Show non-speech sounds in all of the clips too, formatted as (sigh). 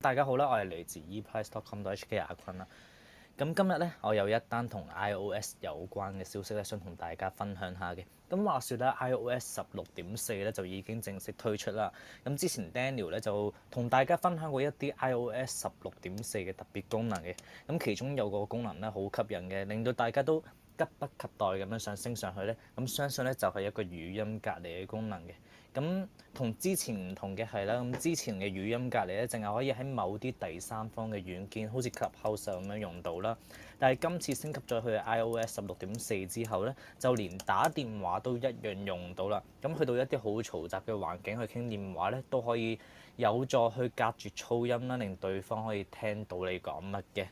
大家好啦，我係嚟自 eprice.com.hk 阿坤啦。咁今日咧，我有一單同 iOS 有關嘅消息咧，想同大家分享下嘅。咁話說咧，iOS 十六點四咧就已經正式推出啦。咁之前 Daniel 咧就同大家分享過一啲 iOS 十六點四嘅特別功能嘅。咁其中有個功能咧好吸引嘅，令到大家都急不及待咁樣想升上去呢，咁相信呢就係一個語音隔離嘅功能嘅。咁同之前唔同嘅係啦，咁之前嘅語音隔離呢，淨係可以喺某啲第三方嘅軟件，好似 Clubhouse 咁樣用到啦。但係今次升級咗去 iOS 十六點四之後呢，就連打電話都一樣用到啦。咁去到一啲好嘈雜嘅環境去傾電話呢，都可以有助去隔絕噪音啦，令對方可以聽到你講乜嘅。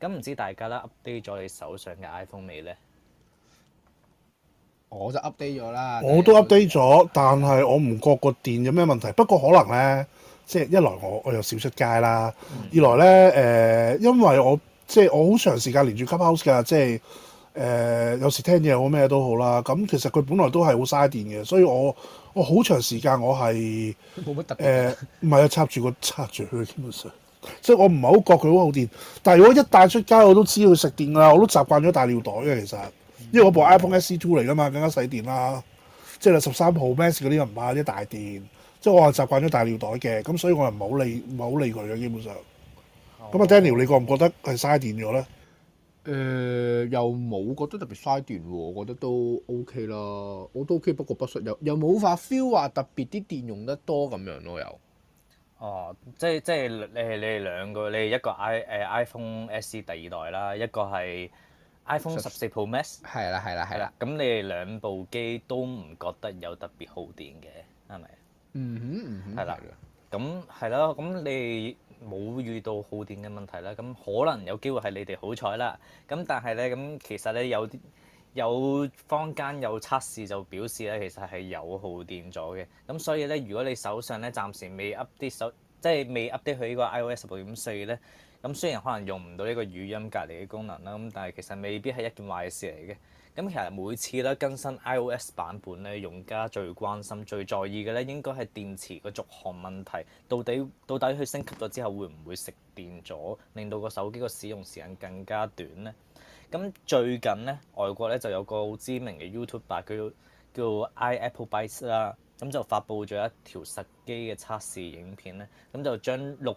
咁唔知大家咧 update 咗你手上嘅 iPhone 未咧？我就 update 咗啦。我都 update 咗，但係我唔覺個電有咩問題。嗯、不過可能咧，即、就、係、是、一來我我又少出街啦，嗯、二來咧誒、呃，因為我即係、就是、我好長時間連住 Clubhouse 㗎，即係誒有時聽嘢好咩都好啦。咁其實佢本來都係好嘥電嘅，所以我我好長時間我係冇乜特別誒，唔係啊插住個插住佢基本上。所以我唔係好覺佢好耗電，但如果一帶出街我都知要食電啦，我都習慣咗帶尿袋嘅其實，因為我部 iPhone SE Two 嚟噶嘛，更加省電啦。即係十三 Pro Max 嗰啲又唔怕啲大電，即係我係習慣咗帶尿袋嘅，咁所以我又唔係好理唔係好理佢嘅基本上。咁阿、oh. Daniel，你覺唔覺得係嘥電咗咧？誒、呃，又冇覺得特別嘥電喎，我覺得都 OK 啦，我都 OK，不過不識又又冇發 feel 話特別啲電用得多咁樣咯又。哦，即係即係你係你哋兩個，你哋一個 i 誒、呃、iPhone SE 第二代啦，一個係 iPhone 十四 Pro Max。係啦，係啦，係啦。咁你哋兩部機都唔覺得有特別耗電嘅，係咪？嗯哼，嗯係啦，咁係咯，咁、嗯、你冇遇到耗電嘅問題啦。咁可能有機會係你哋好彩啦。咁但係咧，咁其實咧有啲。有坊間有測試就表示咧，其實係有耗電咗嘅。咁所以咧，如果你手上咧暫時未 up 啲手，即係未 up 啲佢呢個 iOS 十六點四咧，咁雖然可能用唔到呢個語音隔離嘅功能啦，咁但係其實未必係一件壞事嚟嘅。咁其實每次咧更新 iOS 版本咧，用家最關心、最在意嘅咧，應該係電池個續航問題，到底到底佢升級咗之後會唔會食電咗，令到個手機個使用時間更加短咧？咁最近咧，外國咧就有個好知名嘅 YouTuber，佢叫叫 iAppleBytes 啦，咁就發佈咗一條實機嘅測試影片咧，咁就將六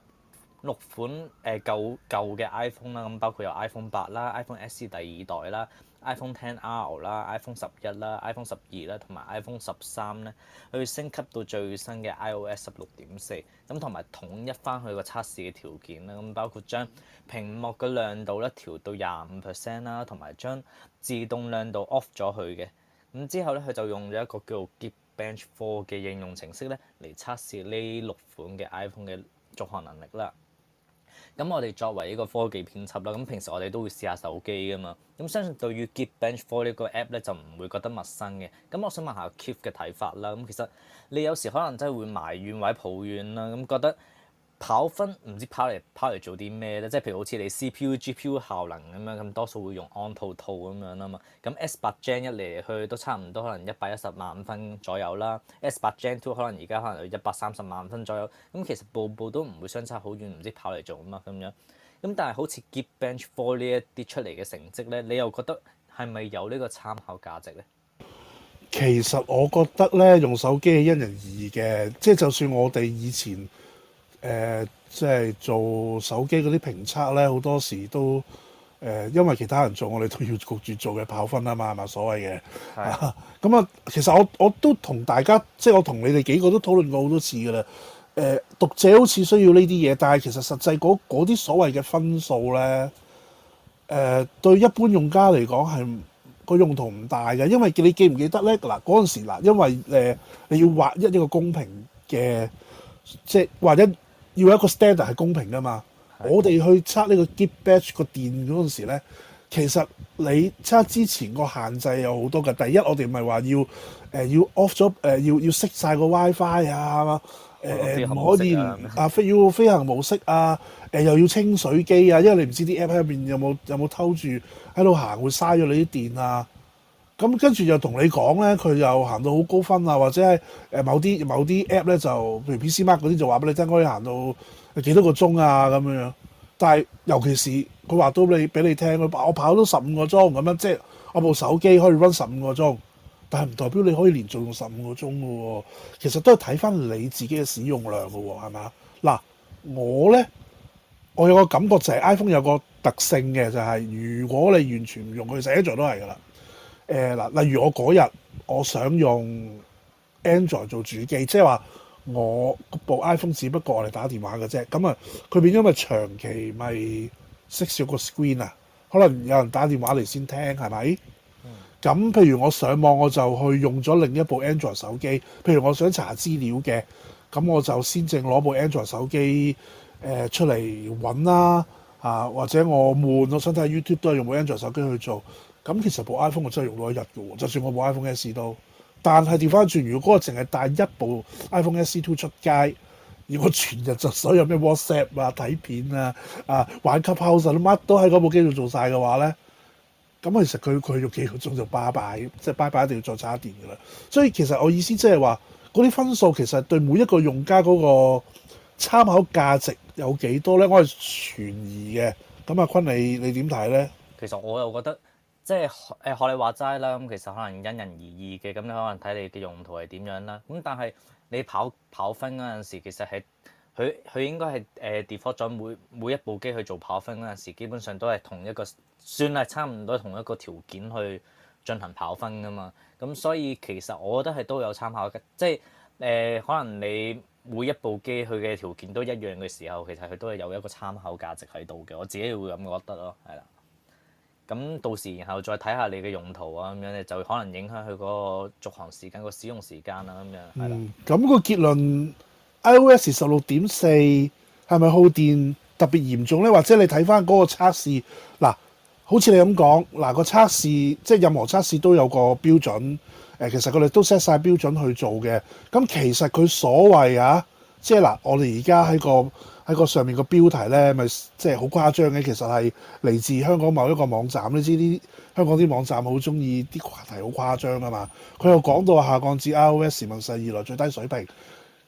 六款誒舊舊嘅 iPhone 啦，咁包括有 iPhone 八啦、iPhone SE 第二代啦、iPhone Ten R 啦、iPhone 十一啦、iPhone 十二啦，同埋 iPhone 十三咧，去升級到最新嘅 iOS 十六點四咁，同埋統一翻佢個測試嘅條件啦。咁包括將屏幕嘅亮度咧調到廿五 percent 啦，同埋將自動亮度 off 咗佢嘅。咁之後咧，佢就用咗一個叫做 Geekbench Four 嘅應用程式咧嚟測試呢六款嘅 iPhone 嘅續航能力啦。咁我哋作為一個科技編輯啦，咁平時我哋都會試下手機噶嘛，咁相信對於 Geekbench Four 呢個 App 咧就唔會覺得陌生嘅。咁我想問下 Keep 嘅睇法啦。咁其實你有時可能真係會埋怨或者抱怨啦，咁覺得，跑分唔知跑嚟跑嚟做啲咩咧？即係譬如好似你 CPU、GPU 效能咁樣，咁多數會用 On-Total 咁樣啊嘛。咁 S 八 Gen 一嚟去都差唔多，可能一百一十萬分左右啦。S 八 Gen Two 可能而家可能一百三十萬分左右。咁其實步步都唔會相差好遠，唔知跑嚟做啊嘛咁樣。咁但係好似 Geekbench Four 呢一啲出嚟嘅成績咧，你又覺得係咪有呢個參考價值咧？其實我覺得咧，用手機係因人而異嘅，即係就算我哋以前。誒、呃，即係做手機嗰啲評測咧，好多時都誒、呃，因為其他人做我，我哋都要焗住做嘅跑分啊嘛，係嘛所謂嘅。係。咁啊，其實我我都同大家，即係我同你哋幾個都討論過好多次嘅啦。誒、呃，讀者好似需要呢啲嘢，但係其實實際嗰啲所謂嘅分數咧，誒、呃，對一般用家嚟講係個用途唔大嘅，因為你記唔記得咧？嗱，嗰陣時嗱，因為誒、呃、你要畫一一個公平嘅，即係或者。要有一個 standard 係公平㗎嘛？的我哋去測呢個 get batch 個電嗰陣時咧，其實你測之前個限制有好多㗎。第一，我哋唔係話要誒、呃、要 off 咗誒、呃、要要熄晒個 WiFi 啊，誒唔可以啊飛，要飛行模式啊誒、呃啊呃、又要清水機啊，因為你唔知啲 app 喺入邊有冇有冇偷住喺度行會嘥咗你啲電啊。咁跟住又同你講咧，佢又行到好高分啊，或者係誒某啲某啲 app 咧，就譬如 PCMark 嗰啲，就話俾你聽可以行到幾多個鐘啊咁樣。但係尤其是佢話到你俾你聽，我跑咗十五個鐘咁樣，即係我部手機可以 run 十五個鐘，但係唔代表你可以連續用十五個鐘㗎喎。其實都係睇翻你自己嘅使用量㗎喎。哦，係嘛？嗱，我咧我有個感覺就係 iPhone 有個特性嘅，就係、是、如果你完全唔用佢寫作都係㗎啦。誒嗱，例如我嗰日我想用 Android 做主機，即係話我部 iPhone 只不過我嚟打電話嘅啫，咁啊佢變咗咪長期咪熄少個 screen 啊？可能有人打電話嚟先聽係咪？咁譬如我上網我就去用咗另一部 Android 手機，譬如我想查資料嘅，咁我就先正攞部 Android 手機誒、呃、出嚟揾啦啊！或者我悶，我想睇 YouTube 都係用部 Android 手機去做。咁其實部 iPhone 我真係用到一日嘅喎，就算我部 iPhone XS 都。但係調翻轉，如果我淨係帶一部 iPhone XS Two 出街，如果全日就所有咩 WhatsApp 啊、睇片啊、啊玩 Clubhouse 啊乜都喺嗰部機度做晒嘅話咧，咁其實佢佢用幾個鐘就拜拜，即係拜拜一定要再插一電嘅啦。所以其實我意思即係話，嗰啲分數其實對每一個用家嗰個參考價值有幾多咧？我係存疑嘅。咁阿坤你你點睇咧？其實我又覺得。即係學你話齋啦，咁其實可能因人而異嘅，咁你可能睇你嘅用途係點樣啦。咁但係你跑跑分嗰陣時，其實係佢佢應該係誒 default 咗每每一部機去做跑分嗰陣時，基本上都係同一個算係差唔多同一個條件去進行跑分㗎嘛。咁所以其實我覺得係都有參考嘅，即係誒、呃、可能你每一部機佢嘅條件都一樣嘅時候，其實佢都係有一個參考價值喺度嘅。我自己會咁覺得咯，係啦。咁到時，然後再睇下你嘅用途啊，咁樣咧就可能影響佢嗰個續航時間、個使用時間啊，咁樣係啦。咁、嗯，個結論，iOS 十六點四係咪耗電特別嚴重咧？或者你睇翻嗰個測試嗱、啊，好似你咁講嗱，啊，個測試即係任何測試都有個標準誒，其實佢哋都 set 曬標準去做嘅。咁、啊、其實佢所謂啊～即係嗱，我哋而家喺個喺個上面個標題咧，咪即係好誇張嘅。其實係嚟自香港某一個網站，你知啲香港啲網站好中意啲話題好誇張啊嘛。佢又講到下降至 iOS 問世以來最低水平。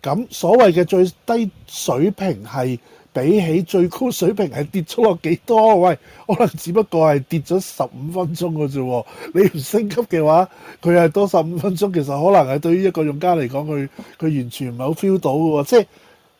咁所謂嘅最低水平係。比起最高水平係跌咗落幾多？喂，可能只不過係跌咗十五分鐘嘅啫喎。你唔升級嘅話，佢係多十五分鐘，其實可能係對於一個用家嚟講，佢佢完全唔係好 feel 到喎。即係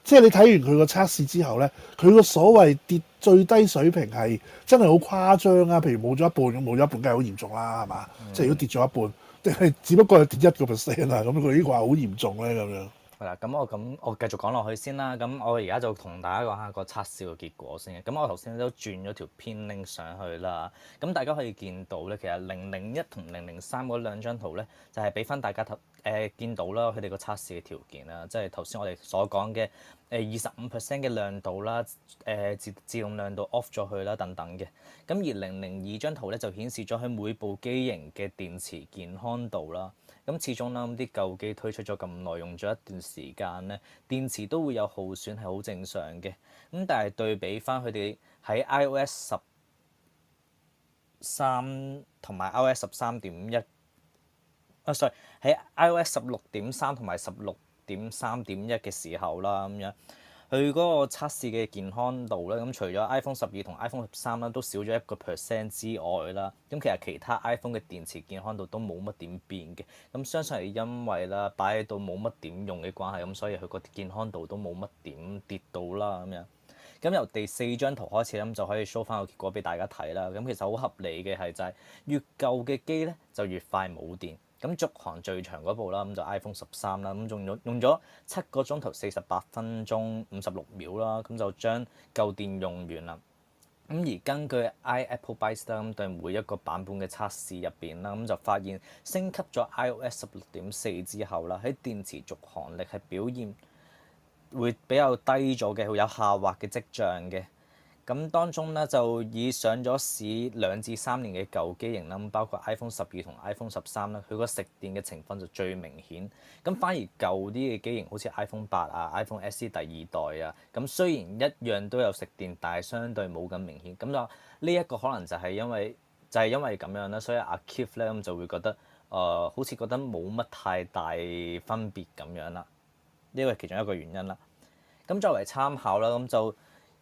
即係你睇完佢個測試之後咧，佢個所謂跌最低水平係真係好誇張啊！譬如冇咗一半咁，冇咗一半梗係好嚴重啦，係嘛？即係如果跌咗一半，定係、啊 mm. 只不過係跌一個 percent 啊？咁佢呢個話好嚴重咧、啊、咁樣。係啦，咁我咁我繼續講落去先啦。咁我而家就同大家講下個測試嘅結果先。咁我頭先都轉咗條片拎上去啦。咁大家可以見到咧，其實零零一同零零三嗰兩張圖咧，就係俾翻大家睇誒見到啦，佢哋個測試嘅條件啦，即係頭先我哋所講嘅誒二十五 percent 嘅亮度啦，誒自自動亮度 off 咗去啦，等等嘅。咁而零零二張圖咧，就顯示咗喺每部機型嘅電池健康度啦。咁始終啦，啲舊機推出咗咁耐，用咗一段時間咧，電池都會有耗損，係好正常嘅。咁但係對比翻佢哋喺 iOS 十三同埋 iOS 十三點一，啊，sorry，喺 iOS 十六點三同埋十六點三點一嘅時候啦，咁樣。佢嗰個測試嘅健康度咧，咁除咗 iPhone 十二同 iPhone 十三咧都少咗一個 percent 之外啦，咁其實其他 iPhone 嘅電池健康度都冇乜點變嘅。咁相信係因為啦，擺喺度冇乜點用嘅關係，咁所以佢個健康度都冇乜點跌到啦咁樣。咁由第四張圖開始，咁就可以 show 翻個結果俾大家睇啦。咁其實好合理嘅係就係越舊嘅機咧就越快冇電。咁續航最長嗰部啦，咁就 iPhone 十三啦，咁仲用用咗七個鐘頭四十八分鐘五十六秒啦，咁就將舊電用完啦。咁而根據 AppleInsider 咁對每一個版本嘅測試入邊啦，咁就發現升級咗 iOS 十六點四之後啦，喺電池續航力係表現會比較低咗嘅，會有下滑嘅跡象嘅。咁當中咧就已上咗市兩至三年嘅舊機型啦，包括 iPhone 十二同 iPhone 十三咧，佢個食電嘅情況就最明顯。咁反而舊啲嘅機型，好似 iPhone 八啊、iPhone SE 第二代啊，咁雖然一樣都有食電，但係相對冇咁明顯。咁就呢一個可能就係因為就係因為咁樣啦，所以阿 Kif 咧咁就會覺得誒、呃、好似覺得冇乜太大分別咁樣啦，呢個係其中一個原因啦。咁作為參考啦，咁就，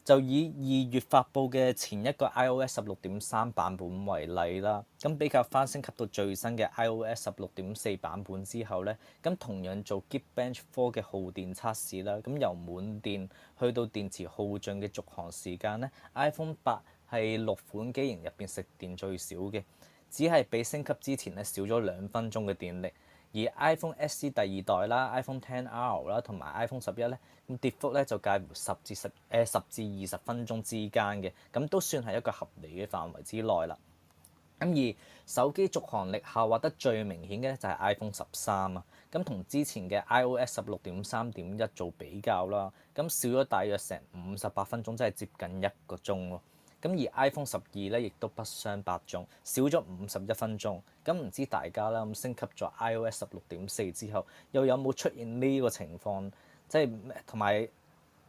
就以二月發布嘅前一個 iOS 十六點三版本為例啦，咁比較翻升級到最新嘅 iOS 十六點四版本之後呢，咁同樣做 Geekbench 4嘅耗電測試啦，咁由滿電去到電池耗盡嘅續航時間呢，iPhone 八係六款機型入邊食電最少嘅，只係比升級之前咧少咗兩分鐘嘅電力。而 iPhone SE 第二代啦、iPhone Ten R 啦，同埋 iPhone 十一咧，咁跌幅咧就介乎十至十誒十至二十分鐘之間嘅，咁都算係一個合理嘅範圍之內啦。咁而手機續航力下滑得最明顯嘅咧就係 iPhone 十三啊。咁同之前嘅 iOS 十六點三點一做比較啦，咁少咗大約成五十八分鐘，即係接近一個鐘咯。咁而 iPhone 十二咧，亦都不相伯仲，少咗五十一分鐘。咁唔知大家啦，咁升級咗 iOS 十六點四之後，又有冇出現呢個情況？即係同埋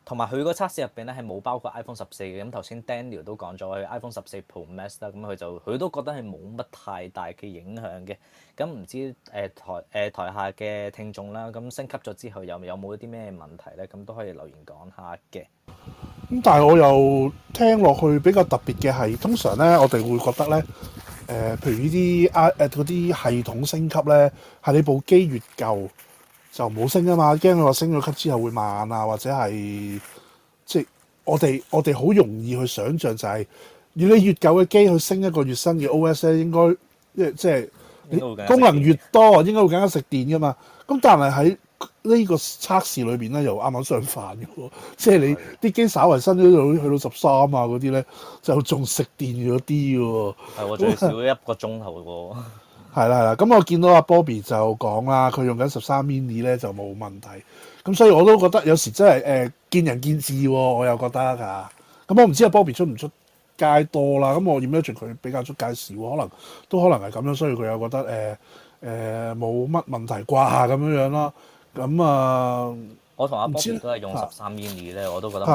同埋佢個測試入邊咧，係冇包括 iPhone 十四嘅。咁頭先 Daniel 都講咗，佢 iPhone 十四 Pro Max 啦，咁佢就佢都覺得係冇乜太大嘅影響嘅。咁唔知誒台誒台下嘅聽眾啦，咁升級咗之後，有有冇一啲咩問題咧？咁都可以留言講下嘅。咁但係我又聽落去比較特別嘅係，通常咧我哋會覺得咧，誒、呃，譬如呢啲啊誒啲系統升級咧，係你部機越舊就唔好升㗎嘛，驚佢話升咗級之後會慢啊，或者係即係我哋我哋好容易去想像就係、是，如果你越舊嘅機去升一個越新嘅 OS 咧，應該即係即係功能越多，應該會更加食電㗎嘛。咁但係喺個測試裏呢個測試裏邊咧，又啱啱相反嘅喎，哦，即係你啲的機稍微新啲，到去到十三啊嗰啲咧，就仲食電咗啲嘅喎。係的 (laughs) 少一個鐘頭喎。係啦係啦，咁、嗯、我見到阿 Bobby 就講啦，佢用緊十三 Mini 咧就冇問題。咁所以我都覺得有時真係誒、呃、見仁見智喎，哦。我又覺得啊，咁、嗯、我唔知阿 Bobby 出唔出街多啦。咁、嗯、我點樣？儘佢比較出街少，可能都可能係咁樣，所以佢又覺得誒誒冇乜問題啩咁樣樣啦。咁啊，我同阿 b 都係用十三 mini 咧，我都覺得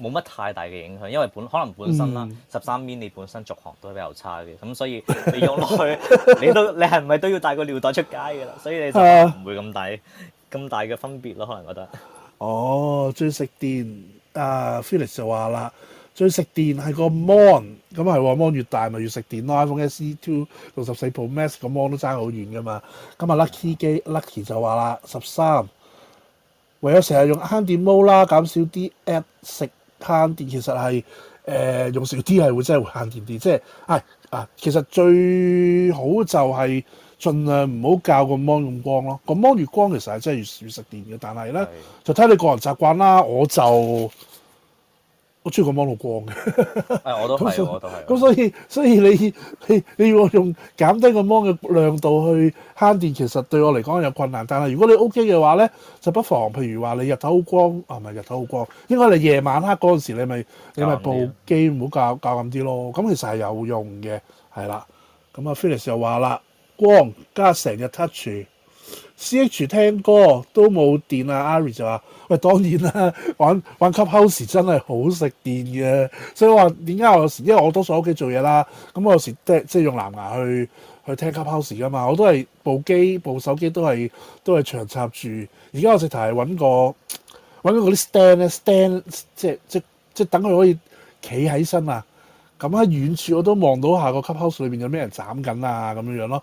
冇乜太大嘅影響，啊、因為本可能本身啦、啊，嗯、十三 mini 本身續航都比較差嘅，咁所以你用落去， (laughs) 你都你係唔係都要帶個尿袋出街嘅啦？所以你就唔會咁大咁、啊、大嘅分別咯，可能覺得。哦，最食電啊 f e l i x 就話啦。最食電係個 mon，咁係喎 mon 越大咪越食電咯。iPhone SE Two 六十四 pro max 個 mon 都爭好遠㗎嘛。咁啊 lucky 機 lucky 就話啦，十三唯有成日用慳電 mode 啦，減少啲 app 食慳電，其實係誒、呃、用少啲係會真係會慳電啲。即係啊、哎、啊，其實最好就係儘量唔好教個 mon 咁光咯。個 mon 越光其實係真係越越食電嘅。但係咧的就睇你個人習慣啦。我就。我中意個芒好光嘅，我都係，我都係。咁 (laughs) 所以，所以你你你要我用減低個芒嘅亮度去慳電，其實對我嚟講有困難。但係如果你 OK 嘅話咧，就不妨譬如話你日頭好光，啊唔係日頭好光，應該你夜晚黑嗰陣時你咪你咪部機唔好校校暗啲咯。咁其實係有用嘅，係啦。咁啊，Phillis 又話啦，光加成日 touch。C.H. 聽歌都冇電啊！Arri 就話，喂，當然啦，玩玩 Clubhouse 真係好食電嘅，所以話點解，我有時因為我多數喺屋企做嘢啦，咁、嗯、我有時即即用藍牙去去聽 Clubhouse 㗎嘛，我都係部機部手機都係都係長插住。而家我直頭係揾個揾到嗰啲 stand 咧，stand 即即即、即等佢可以企喺身啊！咁喺遠處我都望到下個 Clubhouse 裏邊有咩人斬緊啊，咁樣樣咯，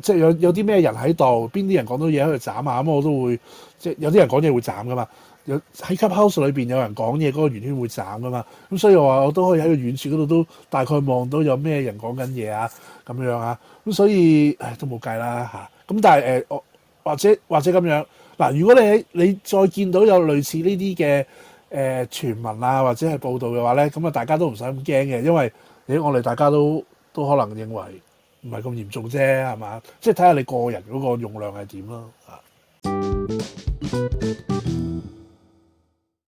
即係有有啲咩人喺度，邊啲人講到嘢喺度斬啊，咁，我都會即係有啲人講嘢會斬噶嘛。有喺 Clubhouse 裏邊有人講嘢，嗰、那個圓圈會斬噶嘛。咁所以我話我都可以喺遠處嗰度都大概望到有咩人講緊嘢啊咁樣啊。咁所以唉都冇計啦嚇。咁、啊、但係誒、呃、我或者或者咁樣嗱，如果你喺你再見到有類似呢啲嘅。誒、呃、傳聞啊，或者係報道嘅話咧，咁啊大家都唔使咁驚嘅，因為誒我哋大家都都可能認為唔係咁嚴重啫，係嘛？即係睇下你個人嗰個用量係點咯。